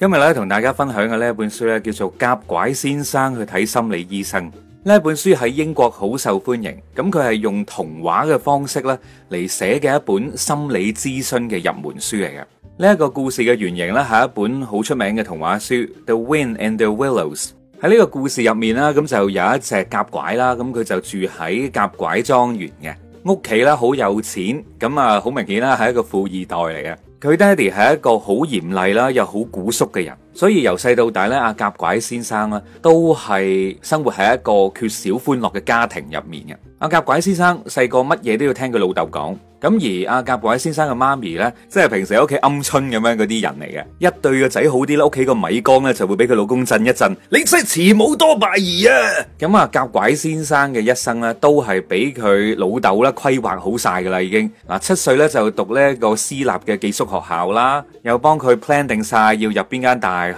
今日咧同大家分享嘅呢一本書咧，叫做《蛤蟆先生去睇心理醫生》。呢一本書喺英國好受歡迎，咁佢係用童話嘅方式咧嚟寫嘅一本心理咨詢嘅入門書嚟嘅。呢一個故事嘅原型咧係一本好出名嘅童話書《The Wind and the Willows》。喺呢個故事入面啦，咁就有一隻蛤蟆啦，咁佢就住喺蛤蟆莊園嘅屋企啦，好有錢，咁啊好明顯啦，係一個富二代嚟嘅。佢爹哋係一個好嚴厲啦，又好古縮嘅人，所以由細到大咧，阿蛤蟆先生咧都係生活喺一個缺少歡樂嘅家庭入面嘅。阿蛤蟆先生細個乜嘢都要聽佢老豆講。咁而阿蛤蟆先生嘅媽咪呢，即係平時喺屋企鵪鶉咁樣嗰啲人嚟嘅，一對個仔好啲啦，屋企個米缸呢就會俾佢老公震一震，你使慈母多敗兒啊！咁啊，蛤蟆先生嘅一生呢，都係俾佢老豆咧規劃好晒噶啦，已經嗱七歲呢，就讀呢一個私立嘅寄宿學校啦，又幫佢 plan 定晒要入邊間大學。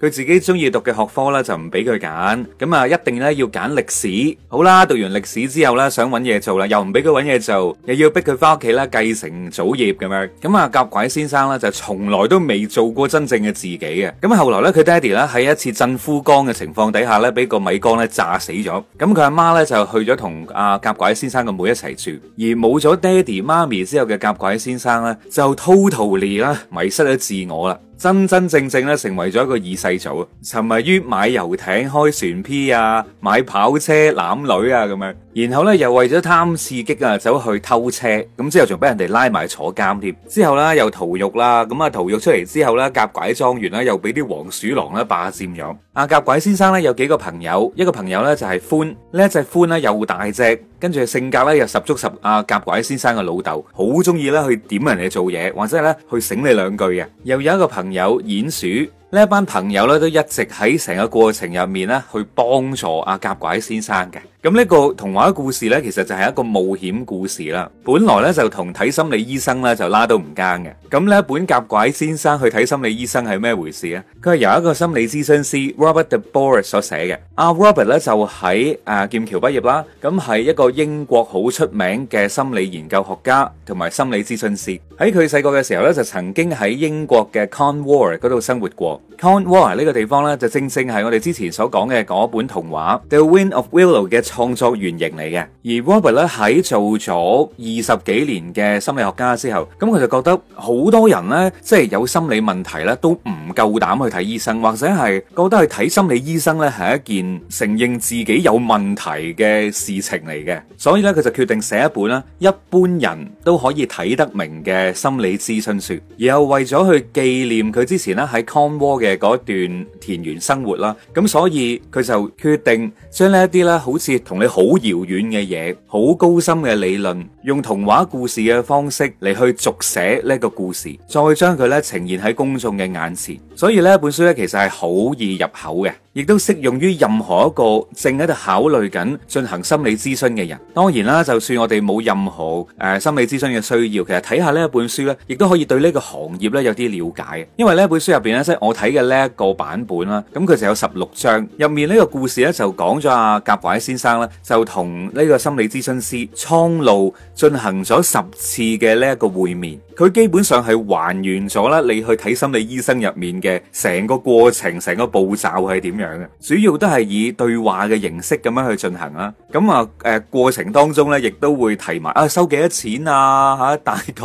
佢自己中意讀嘅學科咧就唔俾佢揀，咁啊一定咧要揀歷史。好啦，讀完歷史之後咧想揾嘢做啦，又唔俾佢揾嘢做，又要逼佢返屋企咧繼承祖業咁樣。咁啊蛤蟆先生咧就從來都未做過真正嘅自己嘅。咁後來咧佢爹哋咧喺一次震夫江嘅情況底下咧，俾個米缸咧炸死咗。咁佢阿媽咧就去咗同阿蛤蟆先生個妹，妹一齊住，而冇咗爹哋媽咪之後嘅蛤蟆先生咧就 totally 啦迷失咗自我啦。真真正正咧，成為咗一個二世祖，沉迷於買遊艇、開船 P 啊，買跑車攬女啊，咁樣。然後咧，又為咗貪刺激啊，走去偷車咁，之後仲俾人哋拉埋坐監添。之後咧又逃獄啦，咁啊逃獄出嚟之後咧，蛤蟆莊園啦，又俾啲黃鼠狼啦霸佔咗。阿蛤蟆先生咧有幾個朋友，一個朋友咧就係、是、獾呢一隻獾咧又大隻，跟住性格咧又十足十，啊。阿蛤蟆先生嘅老豆好中意咧去點人哋做嘢，或者咧去醒你兩句嘅。又有一個朋友鼴鼠。呢一班朋友咧都一直喺成個過程入面咧去幫助阿蛤蟆先生嘅。咁呢個童話故事咧，其實就係一個冒險故事啦。本來咧就同睇心理醫生咧就拉都唔奸嘅。咁咧本蛤蟆先生去睇心理醫生係咩回事啊？佢係由一個心理諮詢師 Robert Deboris 所寫嘅。阿 Robert 咧就喺誒劍橋畢業啦，咁係一個英國好出名嘅心理研究學家同埋心理諮詢師。喺佢細個嘅時候咧，就曾經喺英國嘅 Conway 嗰度生活過。Cornwall 呢個地方咧，就正正係我哋之前所講嘅嗰本童話《The Wind of Willow》嘅創作原型嚟嘅。而 Robert 咧喺做咗二十幾年嘅心理學家之後，咁佢就覺得好多人咧，即係有心理問題咧，都唔夠膽去睇醫生，或者係覺得去睇心理醫生咧係一件承認自己有問題嘅事情嚟嘅。所以咧，佢就決定寫一本啦，一般人都可以睇得明嘅心理諮詢書，然後為咗去紀念佢之前咧喺 Cornwall 嘅嗰段田園生活啦，咁所以佢就決定將呢一啲咧，好似同你好遙遠嘅嘢，好高深嘅理論，用童話故事嘅方式嚟去續寫呢一個故事，再將佢咧呈現喺公眾嘅眼前，所以呢本書咧其實係好易入口嘅。亦都適用於任何一個正喺度考慮緊進行心理諮詢嘅人。當然啦，就算我哋冇任何誒、呃、心理諮詢嘅需要，其實睇下呢一本書咧，亦都可以對呢個行業咧有啲了解。因為呢本書入邊咧，即係我睇嘅呢一個版本啦，咁佢就有十六章，入面呢個故事咧，啊，就講咗蛤蟆先生啦，就同呢個心理諮詢師蒼鷺進行咗十次嘅呢一個會面。佢基本上係還原咗咧，你去睇心理醫生入面嘅成個過程，成個步驟係點樣。主要都係以對話嘅形式咁樣去進行啦。咁啊，誒、呃，過程當中呢，亦都會提埋啊，收幾多錢啊，吓、啊、大概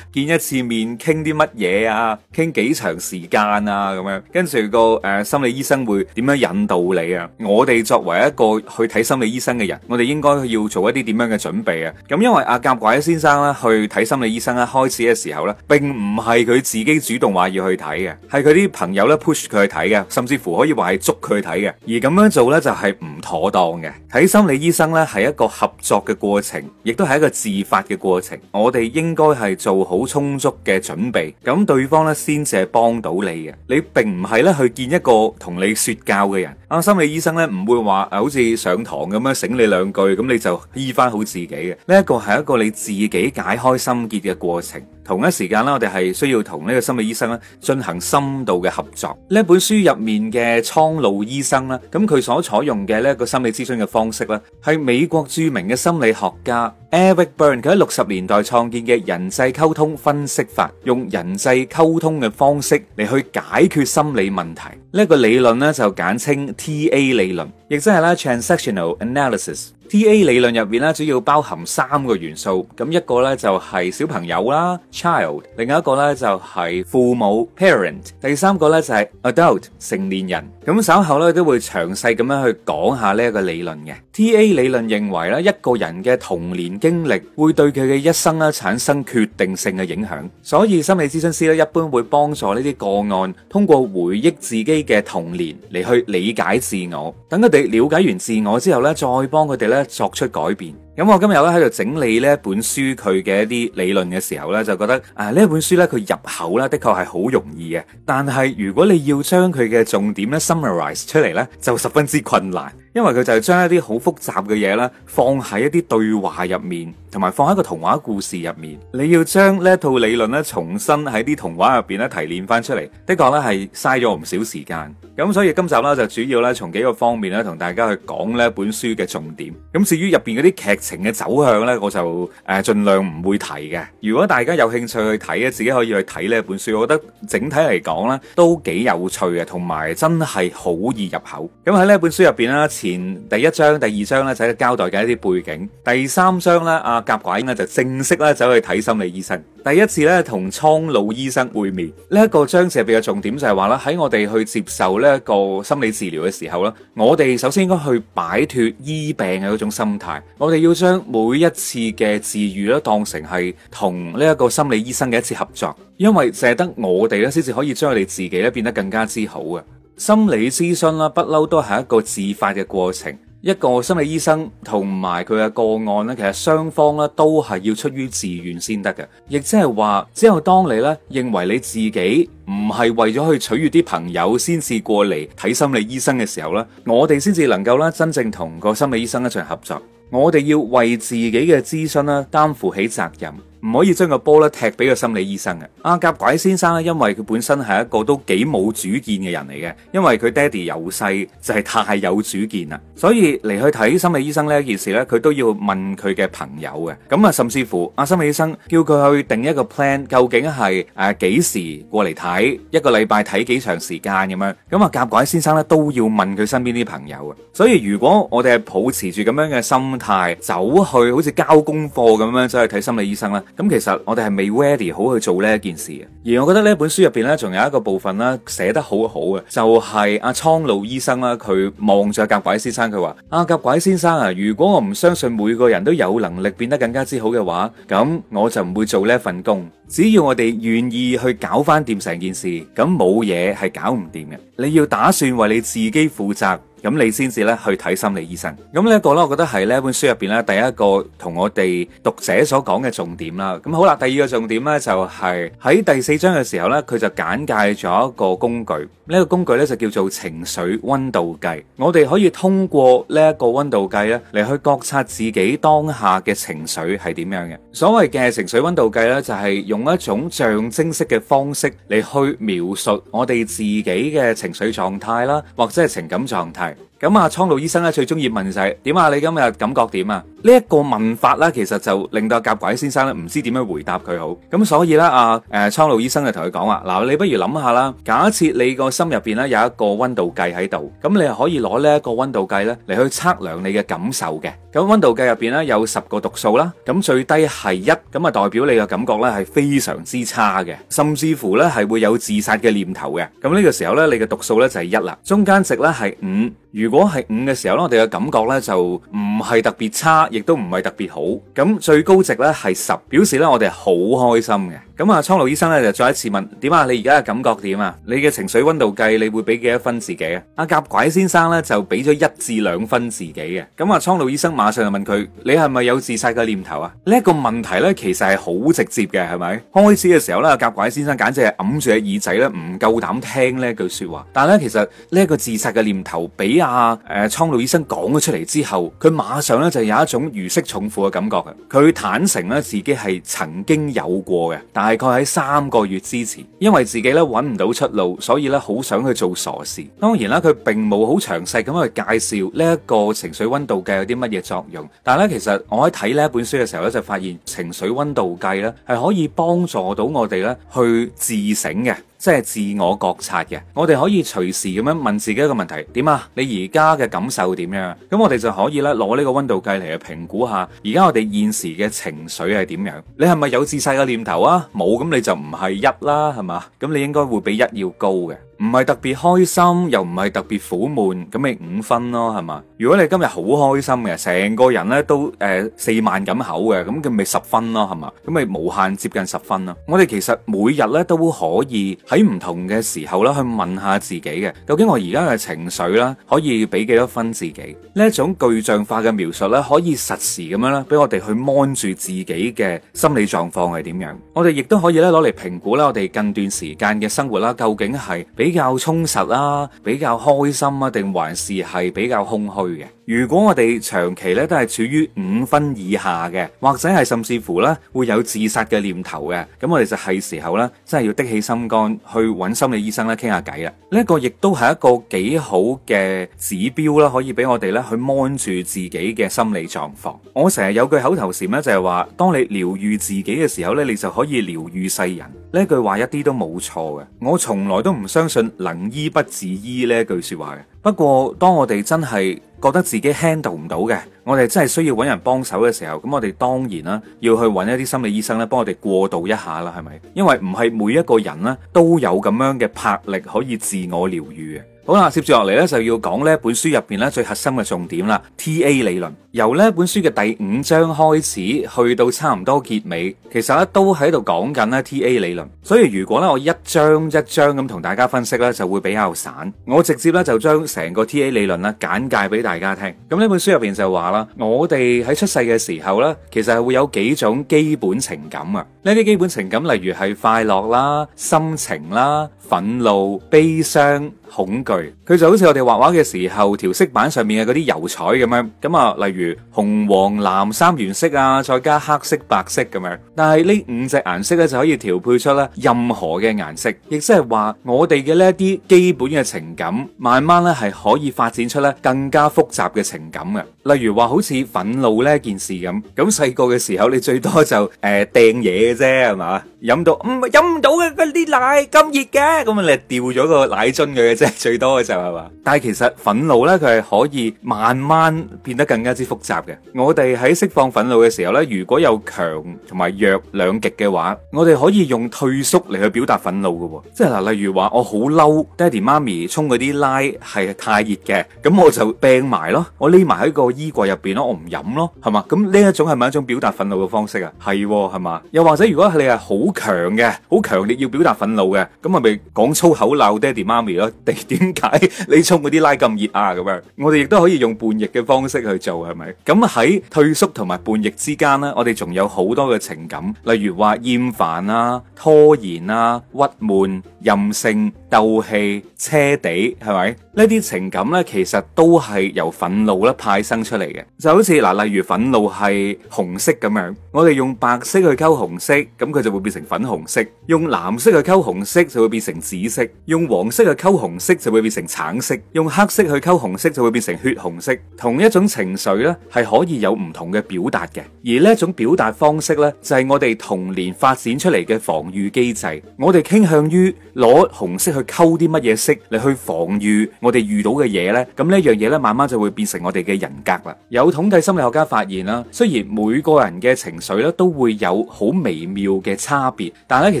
見一次面傾啲乜嘢啊，傾幾長時間啊，咁樣。跟住個誒、呃，心理醫生會點樣引導你啊？我哋作為一個去睇心理醫生嘅人，我哋應該要做一啲點樣嘅準備啊？咁因為阿、啊、夾拐先生呢，去睇心理醫生咧，開始嘅時候呢，並唔係佢自己主動話要去睇嘅，係佢啲朋友呢 push 佢去睇嘅，甚至乎可以話係捉。佢睇嘅，而咁樣做咧就係、是、唔妥當嘅。睇心理醫生咧係一個合作嘅過程，亦都係一個自發嘅過程。我哋應該係做好充足嘅準備，咁對方咧先至係幫到你嘅。你並唔係咧去見一個同你說教嘅人。啊，心理醫生咧唔會話好似上堂咁樣醒你兩句，咁你就醫翻好自己嘅。呢、這、一個係一個你自己解開心結嘅過程。同一時間啦，我哋係需要同呢個心理醫生咧進行深度嘅合作。呢本書入面嘅蒼老。做醫生啦，咁佢所採用嘅呢一個心理諮詢嘅方式咧，係美國著名嘅心理學家 Eric Berne 佢喺六十年代創建嘅人際溝通分析法，用人際溝通嘅方式嚟去解決心理問題，呢一個理論咧就簡稱 TA 理論。亦即係啦，Transactional Analysis（TA） 理論入面咧，主要包含三個元素。咁一個咧就係小朋友啦 （child），另一個咧就係父母 （parent），第三個咧就係 adult，成年人。咁稍後咧都會詳細咁樣去講下呢一個理論嘅。TA 理論認為咧，一個人嘅童年經歷會對佢嘅一生咧產生決定性嘅影響。所以心理諮詢師咧一般會幫助呢啲個案，通過回憶自己嘅童年嚟，去理解自我。等佢哋了解完自我之後咧，再幫佢哋咧作出改變。咁我今日咧喺度整理呢一本書佢嘅一啲理論嘅時候咧，就覺得啊，呢一本書咧佢入口咧的確係好容易嘅，但係如果你要將佢嘅重點咧 summarise 出嚟咧，就十分之困難。因為佢就係將一啲好複雜嘅嘢呢，放喺一啲對話入面，同埋放喺個童話故事入面。你要將呢一套理論呢，重新喺啲童話入邊呢，提煉翻出嚟，的確呢，係嘥咗唔少時間。咁所以今集呢，就主要呢，從幾個方面呢，同大家去講呢本書嘅重點。咁至於入邊嗰啲劇情嘅走向呢，我就誒、呃、盡量唔會提嘅。如果大家有興趣去睇呢，自己可以去睇呢本書。我覺得整體嚟講呢，都幾有趣嘅，同埋真係好易入口。咁喺呢本書入邊呢。前第一章、第二章咧就係、是、交代嘅一啲背景，第三章咧阿甲寡英咧就正式咧走去睇心理醫生，第一次咧同蒼鷺醫生會面。呢、這、一個章節比較重點就係話啦，喺我哋去接受呢一個心理治療嘅時候啦，我哋首先應該去擺脫醫病嘅嗰種心態，我哋要將每一次嘅治愈咧當成係同呢一個心理醫生嘅一次合作，因為淨係得我哋咧先至可以將我哋自己咧變得更加之好嘅。心理諮詢啦，不嬲都係一個自發嘅過程。一個心理醫生同埋佢嘅個案呢，其實雙方咧都係要出於自願先得嘅，亦即係話只有當你咧認為你自己唔係為咗去取悅啲朋友先至過嚟睇心理醫生嘅時候呢，我哋先至能夠咧真正同個心理醫生一場合作。我哋要為自己嘅諮詢咧擔負起責任。唔可以將個波咧踢俾個心理醫生嘅。阿蛤蟆先生咧，因為佢本身係一個都幾冇主見嘅人嚟嘅，因為佢爹哋由細就係、是、太有主見啦，所以嚟去睇心，心、呃、心，心理醫生呢一件事呢，佢都要問佢嘅朋友嘅。咁啊，甚至乎阿心理醫生叫佢去定一個 plan，究竟係誒幾時過嚟睇，一個禮拜睇幾長時間咁樣。咁啊，蛤蟆先生咧都要問佢身邊啲朋友嘅。所以如果我哋係抱持住咁樣嘅心態，走去好似交功課咁樣走去睇心理醫生咧。咁其實我哋係未 ready 好去做呢一件事嘅，而我覺得呢本書入邊呢仲有一個部分呢、啊、寫得好好嘅，就係阿蒼鷺醫生啦、啊，佢望住阿蛤蟆先生，佢話：阿、啊、蛤蟆先生啊，如果我唔相信每個人都有能力變得更加之好嘅話，咁我就唔會做呢份工。只要我哋願意去搞翻掂成件事，咁冇嘢係搞唔掂嘅。你要打算為你自己負責，咁你先至咧去睇心理醫生。咁呢一個咧，我覺得係呢本書入邊咧第一個同我哋讀者所講嘅重點啦。咁好啦，第二個重點咧就係喺第四章嘅時候咧，佢就簡介咗一個工具。呢個工具咧就叫做情緒溫度計。我哋可以通過呢一個溫度計咧嚟去覺察自己當下嘅情緒係點樣嘅。所謂嘅情緒溫度計咧，就係用。用一種象徵式嘅方式嚟去描述我哋自己嘅情緒狀態啦，或者係情感狀態。咁啊，蒼鷺醫生咧最中意問就係點啊？你今日感覺點啊？呢一個問法咧，其實就令到蛤蟆先生咧唔知點樣回答佢好。咁所以咧，啊，誒蒼鷺醫生就同佢講話：嗱，你不如諗下啦。假設你個心入邊咧有一個溫度計喺度，咁你可以攞呢一個溫度計咧嚟，去測量你嘅感受嘅。咁溫度計入邊咧有十個讀數啦。咁最低係一，咁啊代表你嘅感覺咧係非常之差嘅，甚至乎咧係會有自殺嘅念頭嘅。咁呢個時候咧，你嘅讀數咧就係一啦。中間值咧係五，如果係五嘅時候咧，我哋嘅感覺呢就唔係特別差，亦都唔係特別好。咁最高值呢係十，表示呢我哋好開心嘅。咁啊，蒼鷺醫生呢，就再一次問：點啊？你而家嘅感覺點啊？你嘅情緒温度計你會俾幾多分自己啊？阿蛤蟆先生呢，就俾咗一至兩分自己嘅。咁啊，蒼鷺醫生馬上就問佢：你係咪有自殺嘅念頭啊？呢一個問題咧，其實係好直接嘅，係咪？開始嘅時候咧，蛤蟆先生簡直係揞住隻耳仔呢，唔夠膽聽呢句說話。但係咧，其實呢一個自殺嘅念頭俾阿啊！誒，蒼鷺醫生講咗出嚟之後，佢馬上咧就有一種如釋重負嘅感覺嘅。佢坦承咧自己係曾經有過嘅，大概喺三個月之前，因為自己咧揾唔到出路，所以咧好想去做傻事。當然啦，佢並冇好詳細咁去介紹呢一個情緒溫度計有啲乜嘢作用。但係咧，其實我喺睇呢一本書嘅時候咧，就發現情緒溫度計咧係可以幫助到我哋咧去自省嘅。即係自我覺察嘅，我哋可以隨時咁樣問自己一個問題：點啊？你而家嘅感受點樣？咁我哋就可以咧攞呢個溫度計嚟去評估下，而家我哋現時嘅情緒係點樣？你係咪有自殺嘅念頭啊？冇，咁你就唔係一啦，係嘛？咁你應該會比一要高嘅。唔係特別開心，又唔係特別苦悶，咁咪五分咯，係嘛？如果你今日好開心嘅，成個人咧都誒四萬咁口嘅，咁咪十分咯，係嘛？咁咪無限接近十分咯。我哋其實每日咧都可以喺唔同嘅時候咧去問下自己嘅，究竟我而家嘅情緒啦，可以俾幾多分自己？呢一種具象化嘅描述咧，可以實時咁樣咧，俾我哋去摸住自己嘅心理狀況係點樣。我哋亦都可以咧攞嚟評估咧，我哋近段時間嘅生活啦，究竟係俾。比較充實啊，比較開心啊，定還是係比較空虛嘅？如果我哋長期咧都係處於五分以下嘅，或者係甚至乎啦，會有自殺嘅念頭嘅，咁我哋就係時候咧，真係要滴起心肝去揾心理醫生咧傾下偈啦。呢一個亦都係一個幾好嘅指標啦，可以俾我哋咧去 mon 住自己嘅心理狀況。我成日有句口頭禪咧，就係話當你療愈自己嘅時候咧，你就可以療愈世人。呢句話一啲都冇錯嘅。我從來都唔相信能醫不治醫呢句說話嘅。不過當我哋真係。覺得自己 handle 唔到嘅，我哋真係需要揾人幫手嘅時候，咁我哋當然啦，要去揾一啲心理醫生咧，幫我哋過渡一下啦，係咪？因為唔係每一個人咧都有咁樣嘅魄力可以自我療愈嘅。好啦，接住落嚟咧就要講呢本書入邊咧最核心嘅重點啦。TA 理論由呢本書嘅第五章開始，去到差唔多結尾，其實咧都喺度講緊咧 TA 理論。所以如果咧我一章一章咁同大家分析咧，就會比較散。我直接咧就將成個 TA 理論咧簡介俾大家聽。咁呢本書入邊就話啦，我哋喺出世嘅時候咧，其實係會有幾種基本情感啊。呢啲基本情感例如係快樂啦、心情啦、憤怒、悲傷、恐懼。佢就好似我哋畫畫嘅時候，調色板上面嘅嗰啲油彩咁樣，咁啊，例如紅、黃、藍三原色啊，再加黑色、白色咁樣。但係呢五隻顏色咧，就可以調配出咧任何嘅顏色，亦即係話我哋嘅呢一啲基本嘅情感，慢慢咧係可以發展出咧更加複雜嘅情感嘅。例如話好似憤怒咧件事咁，咁細個嘅時候，你最多就誒掟嘢嘅啫，係、呃、嘛？飲到唔飲唔到嘅嗰啲奶咁熱嘅，咁啊你掉咗個奶樽佢嘅啫，最多嘅就。係，但係其實憤怒咧，佢係可以慢慢變得更加之複雜嘅。我哋喺釋放憤怒嘅時候咧，如果有強同埋弱兩極嘅話，我哋可以用退縮嚟去表達憤怒嘅。即係嗱，例如話我好嬲，爹哋媽咪沖嗰啲奶係太熱嘅，咁我就病埋咯，我匿埋喺個衣櫃入邊咯，我唔飲咯，係嘛？咁呢一種係咪一種表達憤怒嘅方式啊？係係嘛？又或者如果係你係好強嘅，好強烈要表達憤怒嘅，咁係咪講粗口鬧爹哋媽咪咯？定點解？ 你沖嗰啲拉咁熱啊，咁樣，我哋亦都可以用叛逆嘅方式去做，係咪？咁喺退縮同埋叛逆之間呢，我哋仲有好多嘅情感，例如話厭煩啊、拖延啊、鬱悶、任性。鬥氣、車底，係咪？呢啲情感咧，其實都係由憤怒咧派生出嚟嘅。就好似嗱，例如憤怒係紅色咁樣，我哋用白色去溝紅色，咁佢就會變成粉紅色；用藍色去溝紅色就會變成紫色；用黃色去溝紅色就會變成橙色；用黑色去溝紅色就會變成血紅色。同一種情緒咧，係可以有唔同嘅表達嘅。而呢一種表達方式咧，就係我哋童年發展出嚟嘅防禦機制。我哋傾向於攞紅色去。去溝啲乜嘢色，你去防禦我哋遇到嘅嘢呢？咁呢一樣嘢呢，慢慢就會變成我哋嘅人格啦。有統計心理學家發現啦，雖然每個人嘅情緒咧都會有好微妙嘅差別，但係其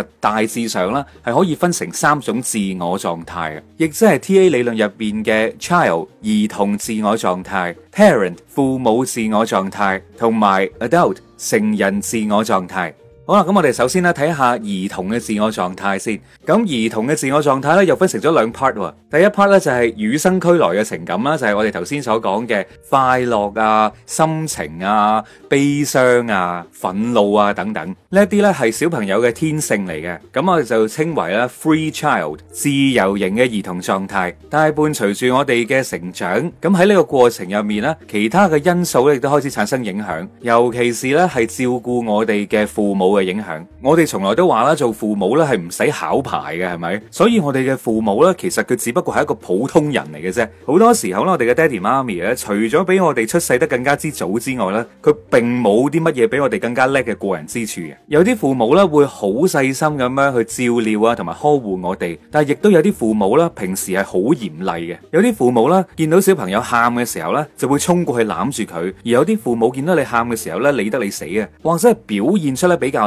實大致上呢，係可以分成三種自我狀態嘅，亦即係 TA 理論入邊嘅 child 兒童自我狀態、parent 父母自我狀態同埋 adult 成人自我狀態。好啦，咁我哋首先咧睇下兒童嘅自我狀態先。咁兒童嘅自我狀態咧又分成咗兩 part。第一 part 咧就係與生俱來嘅情感啦，就係我哋頭先所講嘅快樂啊、心情啊、悲傷啊、憤怒啊等等呢一啲咧係小朋友嘅天性嚟嘅。咁我哋就稱為咧 free child，自由型嘅兒童狀態。但係伴隨住我哋嘅成長，咁喺呢個過程入面咧，其他嘅因素咧亦都開始產生影響，尤其是咧係照顧我哋嘅父母，影響，我哋從來都話啦，做父母咧係唔使考牌嘅，係咪？所以我哋嘅父母咧，其實佢只不過係一個普通人嚟嘅啫。好多時候咧，我哋嘅爹哋媽咪咧，除咗俾我哋出世得更加之早之外咧，佢並冇啲乜嘢俾我哋更加叻嘅過人之處嘅。有啲父母咧會好細心咁樣去照料啊，同埋呵護我哋，但係亦都有啲父母咧平時係好嚴厲嘅。有啲父母咧見到小朋友喊嘅時候咧，就會衝過去攬住佢；而有啲父母見到你喊嘅時候咧，理得你死啊，或者係表現出咧比較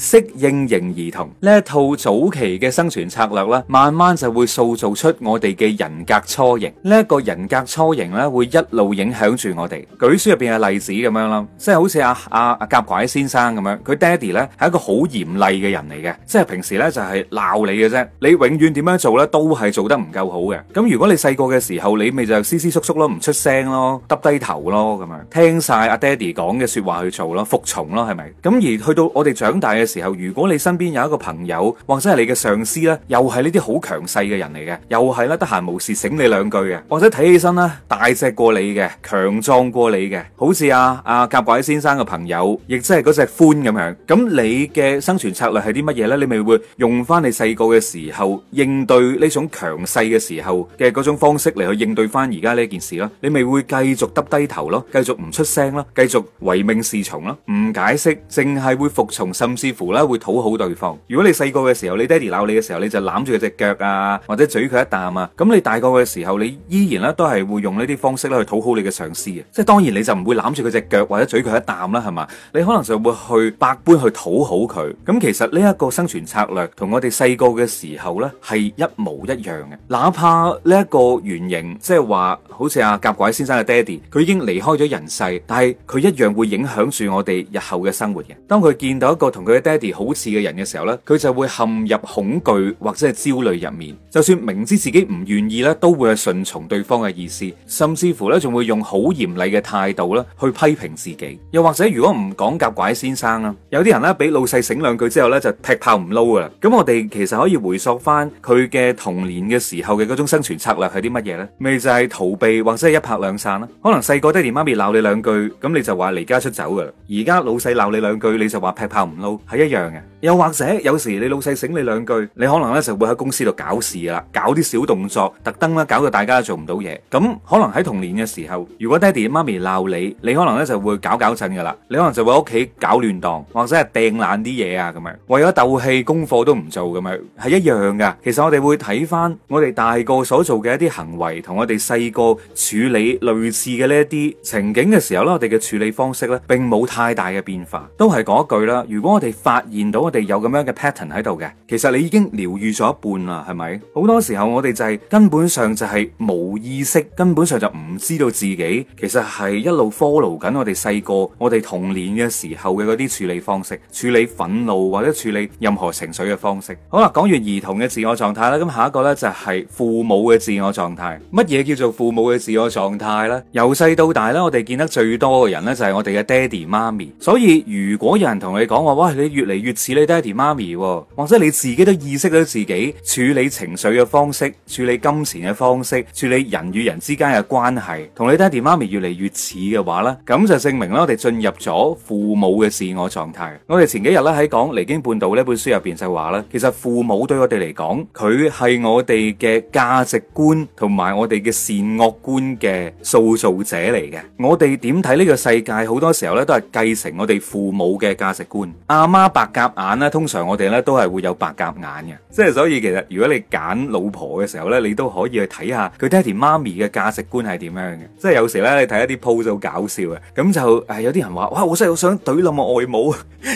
適應型兒童呢一套早期嘅生存策略啦，慢慢就會塑造出我哋嘅人格雛形。呢一個人格雛形咧，會一路影響住我哋。舉書入邊嘅例子咁樣啦，即係好似阿阿阿蛤蟆先生咁樣，佢爹哋咧係一個好嚴厲嘅人嚟嘅，即係平時咧就係鬧你嘅啫，你永遠點樣做咧都係做得唔夠好嘅。咁如果你細個嘅時候，你咪就斯斯縮縮咯，唔出聲咯，耷低頭咯，咁樣聽晒阿爹哋講嘅說話去做咯，服從咯，係咪？咁而去到我哋長大嘅。時候，如果你身邊有一個朋友或者係你嘅上司咧，又係呢啲好強勢嘅人嚟嘅，又係咧得閒無事醒你兩句嘅，或者睇起身咧大隻過你嘅，強壯過你嘅，好似阿阿蛤蟆先生嘅朋友，亦即係嗰隻獾咁樣，咁你嘅生存策略係啲乜嘢咧？你咪會用翻你細個嘅時候應對呢種強勢嘅時候嘅嗰種方式嚟去應對翻而家呢一件事咯，你咪會繼續耷低頭咯，繼續唔出聲啦，繼續唯命是從啦，唔解釋，淨係會服從，甚至。乎咧會討好對方。如果你細個嘅時候，你爹哋鬧你嘅時候，你就攬住佢隻腳啊，或者嘴佢一啖啊。咁你大個嘅時候，你依然咧、啊、都係會用呢啲方式咧去討好你嘅上司嘅。即係當然你就唔會攬住佢隻腳或者嘴佢一啖啦，係嘛？你可能就會去百般去討好佢。咁其實呢一個生存策略同我哋細個嘅時候呢，係一模一樣嘅。哪怕呢一個原型，即係話好似阿蛤蟆先生嘅爹哋，佢已經離開咗人世，但係佢一樣會影響住我哋日後嘅生活嘅。當佢見到一個同佢爹哋好似嘅人嘅時候咧，佢就會陷入恐懼或者係焦慮入面。就算明知自己唔願意咧，都會去順從對方嘅意思，甚至乎咧仲會用好嚴厲嘅態度咧去批評自己。又或者如果唔講蛤蟆先生啦，有啲人咧俾老細醒兩句之後咧就劈炮唔撈噶啦。咁我哋其實可以回溯翻佢嘅童年嘅時候嘅嗰種生存策略係啲乜嘢咧？咪就係逃避或者係一拍兩散啦。可能細個爹哋媽咪鬧你兩句，咁你就話離家出走噶啦。而家老細鬧你兩句，你就話劈炮唔撈係。一樣嘅啊。又或者有時你老細醒你兩句，你可能咧就會喺公司度搞事噶啦，搞啲小動作，特登咧搞到大家都做唔到嘢。咁可能喺童年嘅時候，如果爹哋媽咪鬧你，你可能咧就會搞搞震噶啦，你可能就會喺屋企搞亂檔，或者係掟爛啲嘢啊咁樣，為咗鬥氣，功課都唔做咁樣，係一樣噶。其實我哋會睇翻我哋大個所做嘅一啲行為，同我哋細個處理類似嘅呢一啲情景嘅時候咧，我哋嘅處理方式咧，並冇太大嘅變化，都係嗰句啦。如果我哋發現到。我哋有咁樣嘅 pattern 喺度嘅，其實你已經療愈咗一半啦，係咪？好多時候我哋就係、是、根本上就係冇意識，根本上就唔知道自己其實係一路 follow 緊我哋細個、我哋童年嘅時候嘅嗰啲處理方式、處理憤怒或者處理任何情緒嘅方式。好啦，講完兒童嘅自我狀態啦，咁下一個呢，就係父母嘅自我狀態。乜嘢叫做父母嘅自我狀態呢？由細到大呢，我哋見得最多嘅人呢，就係我哋嘅爹哋媽咪。所以如果有人同你講話，哇，你越嚟越似你爹哋媽咪，或者你自己都意識到自己處理情緒嘅方式，處理金錢嘅方式，處理人與人之間嘅關係，同你爹地媽咪越嚟越似嘅話呢，咁就證明啦，我哋進入咗父母嘅自我狀態。我哋前幾日咧喺講《離經叛道》呢本書入邊就話啦，其實父母對我哋嚟講，佢係我哋嘅價值觀同埋我哋嘅善惡觀嘅塑造者嚟嘅。我哋點睇呢個世界，好多時候呢，都係繼承我哋父母嘅價值觀。阿媽白鴿眼。通常我哋咧都係會有白鴿眼嘅，即係所以其實如果你揀老婆嘅時候咧，你都可以去睇下佢爹哋媽咪嘅價值觀係點樣嘅，即係有時咧你睇一啲 post 就好搞笑嘅，咁就誒、哎、有啲人話哇我真係好想懟冧我外母，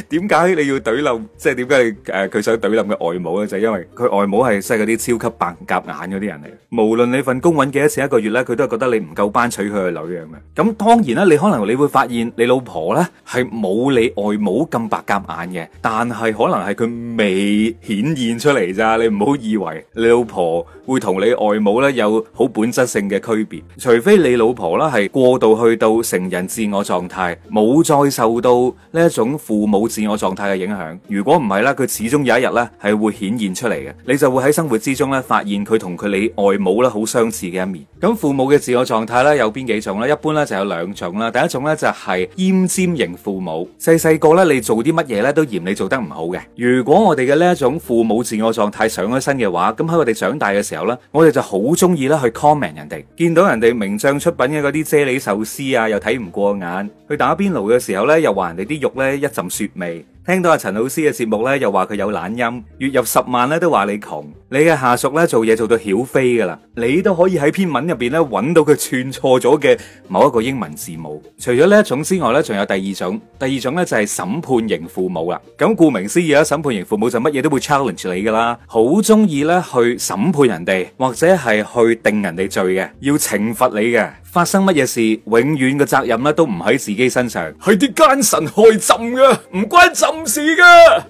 點 解你要懟冧，即係點解誒佢想懟冧佢外母咧就係，因為佢外母係即係嗰啲超級白鴿眼嗰啲人嚟，無論你份工搵幾多錢一個月咧，佢都係覺得你唔夠班娶佢嘅女咁樣，咁當然啦，啊，你可能你會發現你老婆咧係冇你外母咁白鴿眼嘅，但係係可能係佢未顯現出嚟咋，你唔好以為你老婆會同你外母呢有好本質性嘅區別，除非你老婆啦係過度去到成人自我狀態，冇再受到呢一種父母自我狀態嘅影響。如果唔係咧，佢始終有一日呢係會顯現出嚟嘅，你就會喺生活之中呢發現佢同佢你外母呢好相似嘅一面。咁父母嘅自我狀態呢有邊幾種呢？一般呢就有兩種啦。第一種呢就係奄尖型父母，細細個呢你做啲乜嘢呢都嫌你做得唔。好嘅。如果我哋嘅呢一種父母自我狀態上咗身嘅話，咁喺我哋長大嘅時候呢，我哋就好中意咧去 comment 人哋，見到人哋名將出品嘅嗰啲啫喱壽司啊，又睇唔過眼，去打邊爐嘅時候呢，又話人哋啲肉呢，一陣雪味。聽到阿陳老 C 嘅節目咧，又話佢有懶音，月入十萬咧都話你窮，你嘅下屬咧做嘢做到曉飛噶啦，你都可以喺篇文入邊揾到佢串錯咗嘅某一個英文字母。除咗呢一種之外咧，仲有第二種，第二種呢，就係審判型父母啦。咁顧名思義啦，審判型父母就乜嘢都會 challenge 你噶啦，好中意咧去審判人哋或者係去定人哋罪嘅，要懲罰你嘅。發生乜嘢事，永遠嘅責任咧都唔喺自己身上，係啲奸臣害朕嘅，唔關朕事嘅。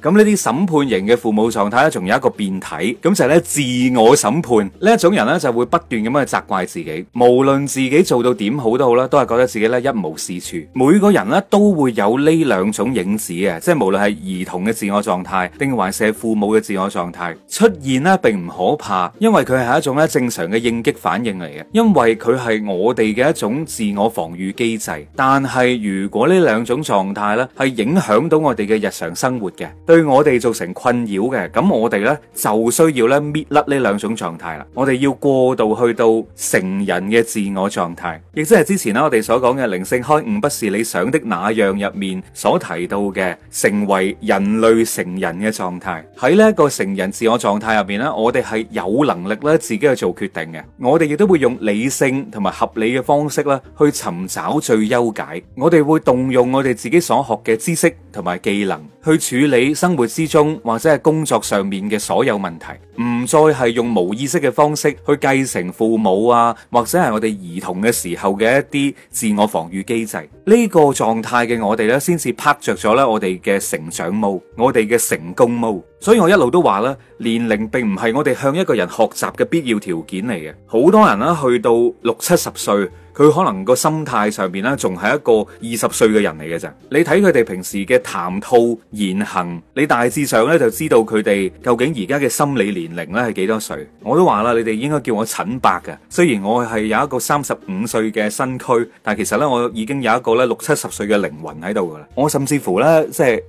咁呢啲審判型嘅父母狀態咧，仲有一個變體，咁就係咧自我審判呢一種人咧，就會不斷咁樣去責怪自己，無論自己做到點好都好啦，都係覺得自己咧一無是處。每個人咧都會有呢兩種影子嘅，即係無論係兒童嘅自我狀態，定還是父母嘅自我狀態出現呢，並唔可怕，因為佢係一種咧正常嘅應激反應嚟嘅，因為佢係我哋。嘅一種自我防禦機制，但係如果呢兩種狀態咧係影響到我哋嘅日常生活嘅，對我哋造成困擾嘅，咁我哋咧就需要咧搣甩呢兩種狀態啦。我哋要過渡去到成人嘅自我狀態，亦即係之前咧我哋所講嘅靈性開悟不是你想的那樣入面所提到嘅，成為人類成人嘅狀態。喺呢一個成人自我狀態入面咧，我哋係有能力咧自己去做決定嘅，我哋亦都會用理性同埋合理嘅方式啦，去尋找最優解。我哋會動用我哋自己所學嘅知識同埋技能，去處理生活之中或者係工作上面嘅所有問題，唔再係用無意識嘅方式去繼承父母啊，或者係我哋兒童嘅時候嘅一啲自我防禦機制。呢個狀態嘅我哋咧，先至拍著咗咧我哋嘅成長毛，我哋嘅成功毛。所以我一路都話咧，年齡並唔係我哋向一個人學習嘅必要條件嚟嘅。好多人啦，去到六七十歲。佢可能個心態上面呢，仲係一個二十歲嘅人嚟嘅咋。你睇佢哋平時嘅談吐言行，你大致上呢就知道佢哋究竟而家嘅心理年齡呢係幾多歲。我都話啦，你哋應該叫我陳伯嘅。雖然我係有一個三十五歲嘅身軀，但其實呢，我已經有一個呢六七十歲嘅靈魂喺度噶啦。我甚至乎呢，即係。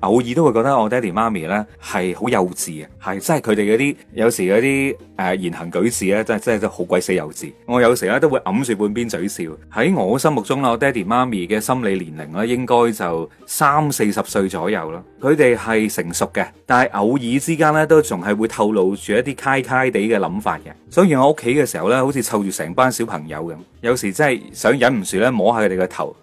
偶爾都會覺得我爹地媽咪咧係好幼稚嘅，係即係佢哋嗰啲有時嗰啲誒言行舉止咧，真係真係好鬼死幼稚。我有時咧都會揞住半邊嘴笑。喺我心目中啦，我爹地媽咪嘅心理年齡咧應該就三四十歲左右啦。佢哋係成熟嘅，但係偶爾之間咧，都仲係會透露住一啲揩揩地嘅諗法嘅。所以我屋企嘅時候咧，好似湊住成班小朋友咁，有時真係想忍唔住咧摸下佢哋個頭。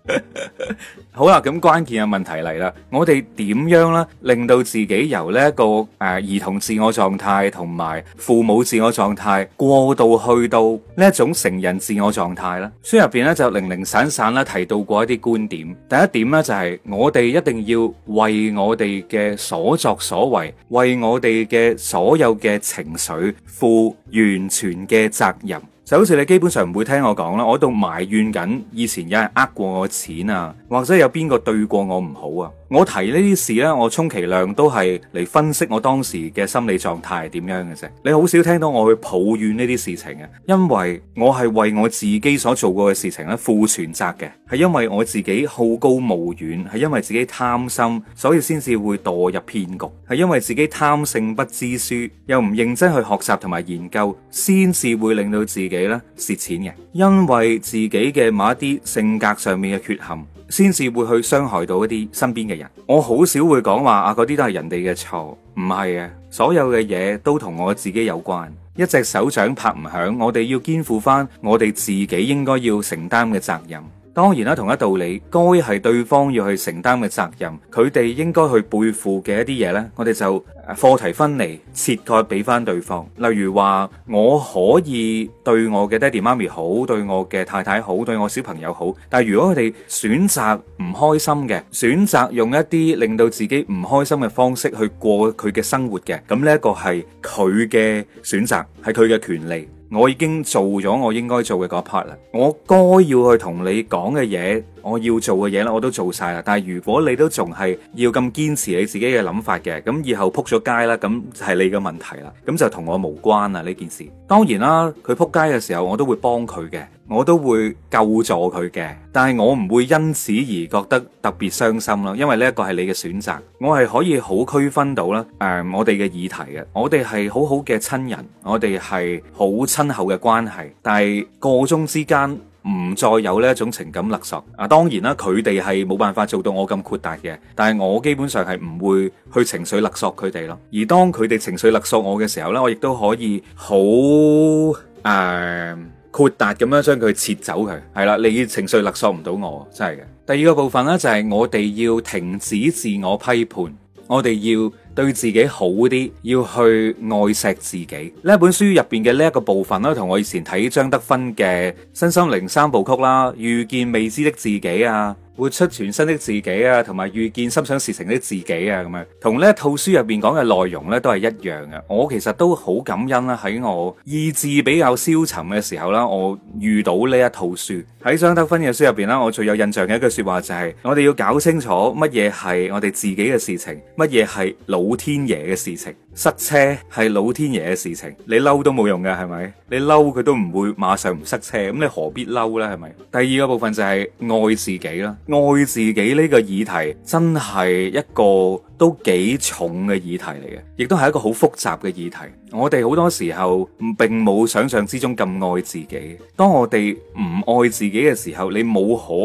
好啦，咁關鍵嘅問題嚟啦，我哋點樣咧令到自己由呢一個誒兒童自我狀態同埋父母自我狀態過度去到呢一種成人自我狀態咧？書入邊咧就零零散散啦提到過一啲觀點。第一點咧就係我哋一定要為我哋。你嘅所作所為，為我哋嘅所有嘅情緒負完全嘅責任。就好似你基本上唔會聽我講啦，我喺度埋怨緊以前有人呃過我錢啊，或者有邊個對過我唔好啊。我提呢啲事呢，我充其量都係嚟分析我當時嘅心理狀態係點樣嘅啫。你好少聽到我去抱怨呢啲事情嘅，因為我係為我自己所做過嘅事情呢負全責嘅，係因為我自己好高騖遠，係因為自己貪心，所以先至會墮入騙局，係因為自己貪勝不知輸，又唔認真去學習同埋研究，先至會令到自己呢蝕錢嘅，因為自己嘅某一啲性格上面嘅缺陷。先至會去傷害到一啲身邊嘅人，我好少會講話啊，嗰啲都係人哋嘅錯，唔係啊，所有嘅嘢都同我自己有關。一隻手掌拍唔響，我哋要肩負翻我哋自己應該要承擔嘅責任。當然啦，同一道理，該係對方要去承擔嘅責任，佢哋應該去背負嘅一啲嘢呢，我哋就。課題分離，切割俾翻對方。例如話，我可以對我嘅爹哋媽咪好，對我嘅太太好，對我小朋友好。但係如果佢哋選擇唔開心嘅，選擇用一啲令到自己唔開心嘅方式去過佢嘅生活嘅，咁呢一個係佢嘅選擇，係佢嘅權利。我已經做咗我應該做嘅個 part 啦，我該要去同你講嘅嘢，我要做嘅嘢咧，我都做晒啦。但係如果你都仲係要咁堅持你自己嘅諗法嘅，咁以後扑咗街啦，咁係你嘅問題啦，咁就同我無關啦呢件事。當然啦，佢扑街嘅時候，我都會幫佢嘅。我都會救助佢嘅，但係我唔會因此而覺得特別傷心咯，因為呢一個係你嘅選擇，我係可以好區分到啦。誒、呃，我哋嘅議題啊，我哋係好好嘅親人，我哋係好親厚嘅關係，但係個中之間唔再有呢一種情感勒索啊。當然啦，佢哋係冇辦法做到我咁豁達嘅，但係我基本上係唔會去情緒勒索佢哋咯。而當佢哋情緒勒索我嘅時候呢，我亦都可以好誒，呃豁達咁樣將佢撤走佢，係啦，你情緒勒索唔到我，真係嘅。第二個部分呢，就係我哋要停止自我批判，我哋要對自己好啲，要去愛惜自己。呢本書入邊嘅呢一個部分呢，同我以前睇張德芬嘅《身心靈三部曲》啦，《遇見未知的自己》啊。活出全新的自己啊，同埋遇見心想事成啲自己啊，咁樣同呢一套書入邊講嘅內容咧都係一樣嘅。我其實都好感恩啦，喺我意志比較消沉嘅時候啦，我遇到呢一套書。喺張德芬嘅書入邊啦，我最有印象嘅一句說話就係：我哋要搞清楚乜嘢係我哋自己嘅事情，乜嘢係老天爺嘅事情。塞車係老天爺嘅事情，你嬲都冇用嘅，係咪？你嬲佢都唔會馬上唔塞車，咁你何必嬲呢？係咪？第二個部分就係愛自己啦，愛自己呢個議題真係一個都幾重嘅議題嚟嘅，亦都係一個好複雜嘅議題。我哋好多時候並冇想象之中咁愛自己。當我哋唔愛自己嘅時候，你冇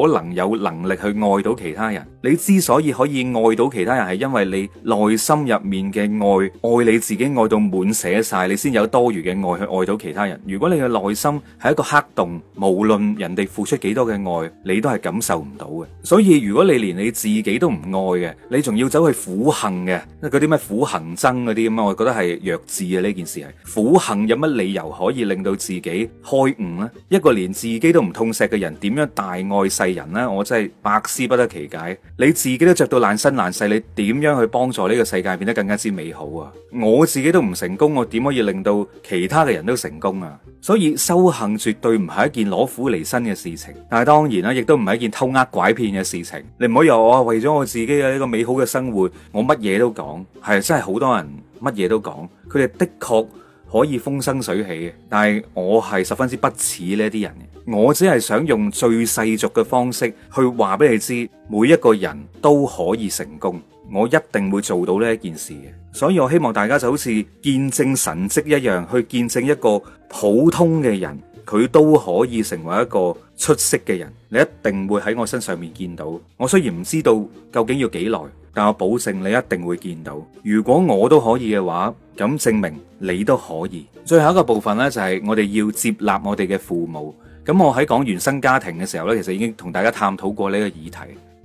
可能有能力去愛到其他人。你之所以可以愛到其他人，係因為你內心入面嘅愛愛你自己愛到滿瀉晒，你先有多餘嘅愛去愛到其他人。如果你嘅內心係一個黑洞，無論人哋付出幾多嘅愛你都係感受唔到嘅。所以如果你連你自己都唔愛嘅，你仲要走去苦行嘅嗰啲咩苦行僧嗰啲咁啊？我覺得係弱智啊！呢件事係苦行有乜理由可以令到自己開悟咧？一個連自己都唔痛錫嘅人，點樣大愛世人咧？我真係百思不得其解。你自己都着到爛身爛世，你點樣去幫助呢個世界變得更加之美好啊？我自己都唔成功，我點可以令到其他嘅人都成功啊？所以修行絕對唔係一件攞苦離身嘅事情，但係當然啦，亦都唔係一件偷呃拐騙嘅事情。你唔好以為我、哦、為咗我自己嘅一個美好嘅生活，我乜嘢都講，係真係好多人乜嘢都講，佢哋的確可以風生水起嘅，但係我係十分之不齒呢啲人我只係想用最世俗嘅方式去話俾你知，每一個人都可以成功。我一定會做到呢一件事嘅，所以我希望大家就好似見證神跡一樣，去見證一個普通嘅人，佢都可以成為一個出色嘅人。你一定會喺我身上面見到。我雖然唔知道究竟要幾耐，但我保證你一定會見到。如果我都可以嘅話，咁證明你都可以。最後一個部分呢，就係我哋要接納我哋嘅父母。咁我喺講原生家庭嘅時候呢，其實已經同大家探討過呢個議題。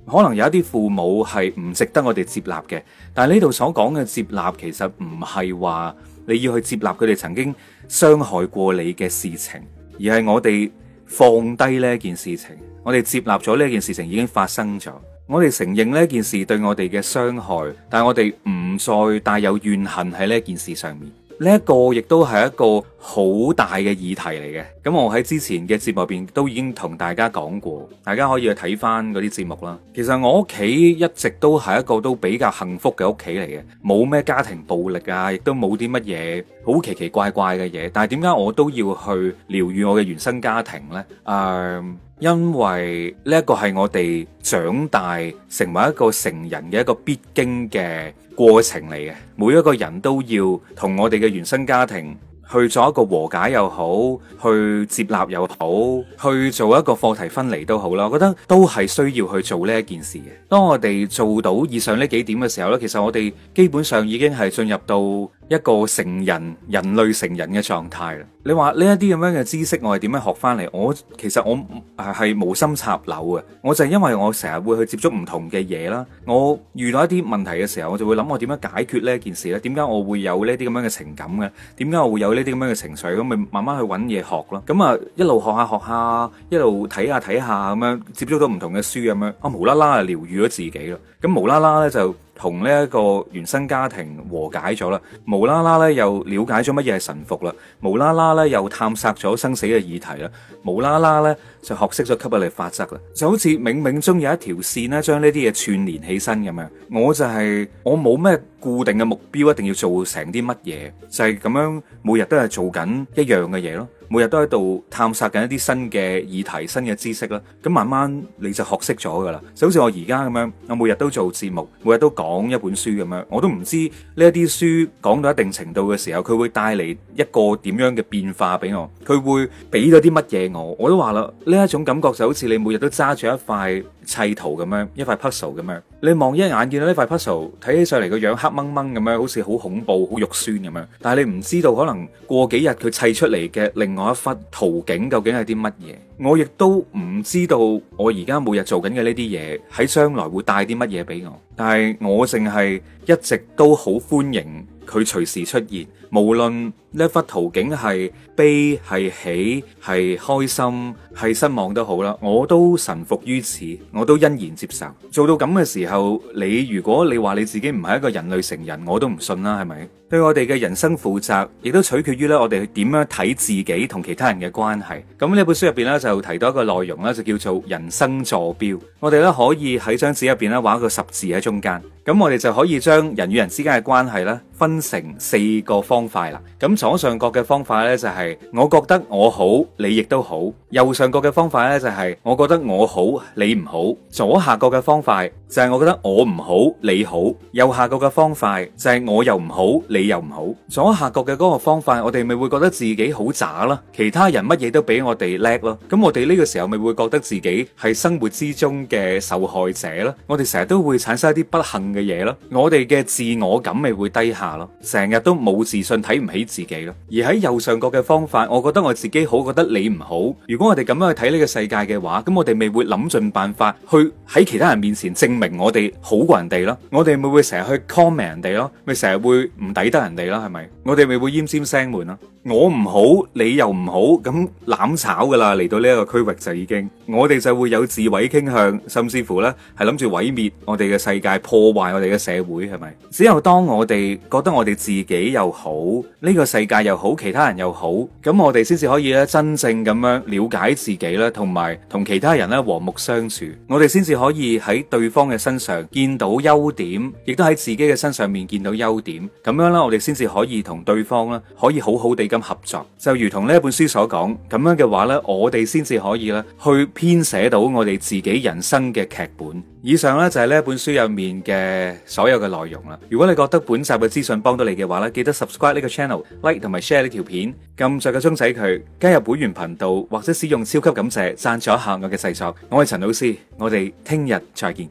可能有一啲父母係唔值得我哋接納嘅，但係呢度所講嘅接納，其實唔係話你要去接納佢哋曾經傷害過你嘅事情，而係我哋放低呢件事情，我哋接納咗呢件事情已經發生咗，我哋承認呢件事對我哋嘅傷害，但係我哋唔再帶有怨恨喺呢件事上面。呢一個亦都係一個好大嘅議題嚟嘅，咁我喺之前嘅節目入邊都已經同大家講過，大家可以去睇翻嗰啲節目啦。其實我屋企一直都係一個都比較幸福嘅屋企嚟嘅，冇咩家庭暴力啊，亦都冇啲乜嘢好奇奇怪怪嘅嘢。但係點解我都要去療愈我嘅原生家庭呢？誒，呃，因為呢一個係我哋長大成為一個成人嘅一個必經嘅過程嚟嘅，每一個人都要同我哋嘅原生家庭。去做一個和解又好，去接納又好，去做一個課題分離都好啦，我覺得都係需要去做呢一件事嘅。當我哋做到以上呢幾點嘅時候咧，其實我哋基本上已經係進入到。一個成人，人類成人嘅狀態啦。你話呢一啲咁樣嘅知識我，我係點樣學翻嚟？我其實我係係無心插柳嘅。我就係因為我成日會去接觸唔同嘅嘢啦。我遇到一啲問題嘅時候，我就會諗我點樣解決呢件事咧？點解我會有呢啲咁樣嘅情感嘅？點解我會有呢啲咁樣嘅情緒？咁咪慢慢去揾嘢學咯。咁啊，一路學下學下，一路睇下睇下，咁樣接觸到唔同嘅書咁樣，啊，無啦啦就療愈咗自己咯。咁無啦啦咧就。同呢一個原生家庭和解咗啦，無啦啦咧又了解咗乜嘢係神服啦，無啦啦咧又探索咗生死嘅議題啦，無啦啦咧就學識咗吸引力法則啦，就好似冥冥中有一條線咧，將呢啲嘢串連起身咁樣。我就係，我冇咩固定嘅目標，一定要做成啲乜嘢，就係咁樣每日都係做緊一樣嘅嘢咯。每日都喺度探索緊一啲新嘅議題、新嘅知識啦，咁慢慢你就學識咗噶啦。就好似我而家咁樣，我每日都做節目，每日都講一本書咁樣，我都唔知呢一啲書講到一定程度嘅時候，佢會帶嚟一個點樣嘅變化俾我，佢會俾咗啲乜嘢我。我都話啦，呢一種感覺就好似你每日都揸住一塊砌圖咁樣，一塊 puzzle 咁樣，你望一眼見到呢塊 puzzle，睇起上嚟個樣黑掹掹咁樣，好似好恐怖、好肉酸咁樣。但係你唔知道，可能過幾日佢砌出嚟嘅另外一忽圖景，究竟係啲乜嘢？我亦都唔知道，我而家每日做緊嘅呢啲嘢，喺將來會帶啲乜嘢俾我。但係我淨係一直都好歡迎佢隨時出現。無論呢一幅圖景係悲係喜係開心係失望，都好啦，我都臣服於此，我都欣然接受。做到咁嘅時候，你如果你話你自己唔係一個人類成人，我都唔信啦，係咪？對我哋嘅人生負責，亦都取決於咧，我哋點樣睇自己同其他人嘅關係。咁呢本書入邊咧，就提到一個內容咧，就叫做人生坐標。我哋咧可以喺張紙入邊咧畫一個十字喺中間，咁我哋就可以將人與人之間嘅關係咧分成四個方方法啦，咁左上角嘅方法咧就係，我覺得我好，你亦都好；右上角嘅方法咧就係，我覺得我好，你唔好；左下角嘅方法。就係我覺得我唔好你好，右下角嘅方塊就係我又唔好你又唔好，左下角嘅嗰個方塊我哋咪會覺得自己好渣咯，其他人乜嘢都比我哋叻咯，咁我哋呢個時候咪會覺得自己係生活之中嘅受害者咯，我哋成日都會產生一啲不幸嘅嘢咯，我哋嘅自我感咪會低下咯，成日都冇自信睇唔起自己咯，而喺右上角嘅方法，我覺得我自己好，覺得你唔好。如果我哋咁樣去睇呢個世界嘅話，咁我哋咪會諗盡辦法去喺其他人面前正。明我哋好過人哋咯，我哋咪會成日去 comment 人哋咯，咪成日會唔抵得人哋啦？係咪？我哋咪會奄尖聲門咯？我唔好，你又唔好，咁攬炒噶啦！嚟到呢一個區域就已經，我哋就會有自毀傾向，甚至乎咧係諗住毀滅我哋嘅世界，破壞我哋嘅社會，係咪？只有當我哋覺得我哋自己又好，呢個世界又好，其他人又好，咁我哋先至可以咧真正咁樣了解自己啦，同埋同其他人咧和睦相處，我哋先至可以喺對方。嘅身上見到優點，亦都喺自己嘅身上面見到優點，咁樣啦，我哋先至可以同對方咧，可以好好地咁合作。就如同呢一本書所講，咁樣嘅話呢，我哋先至可以啦，去編寫到我哋自己人生嘅劇本。以上呢，就係呢一本書入面嘅所有嘅內容啦。如果你覺得本集嘅資訊幫到你嘅話呢，記得 subscribe 呢個 channel，like 同埋 share 呢條片，撳着個鐘仔佢，加入會員頻道或者使用超級感謝，贊助一下我嘅製作。我係陳老 C，我哋聽日再見。